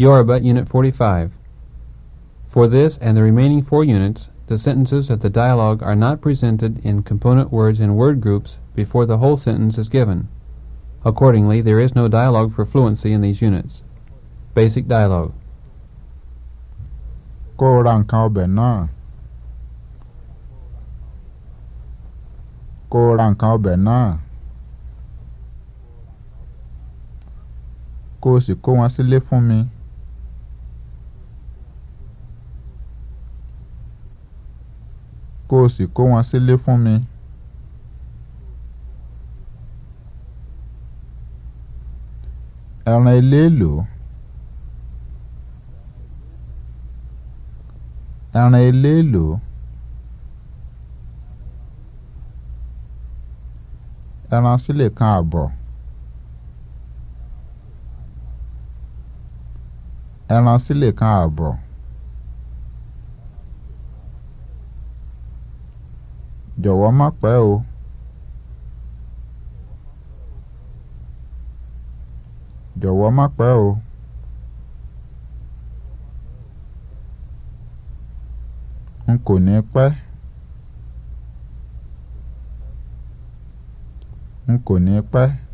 Yoruba, Unit 45. For this and the remaining four units, the sentences of the dialogue are not presented in component words and word groups before the whole sentence is given. Accordingly, there is no dialogue for fluency in these units. Basic dialogue. Kó o ra nǹkan ọbẹ̀ náà. sì kó wọn sílé fún mi. kó o sì kó wọn sílé fún mi. ẹran eléèlò ẹran eléèlò ẹran sílè kan àbọ̀ ẹran sílè kan àbọ̀. jọ̀wọ́ má pẹ́ o. jọ̀wọ́ má pẹ́ o. n kò ní pẹ́. n kò ní pẹ́.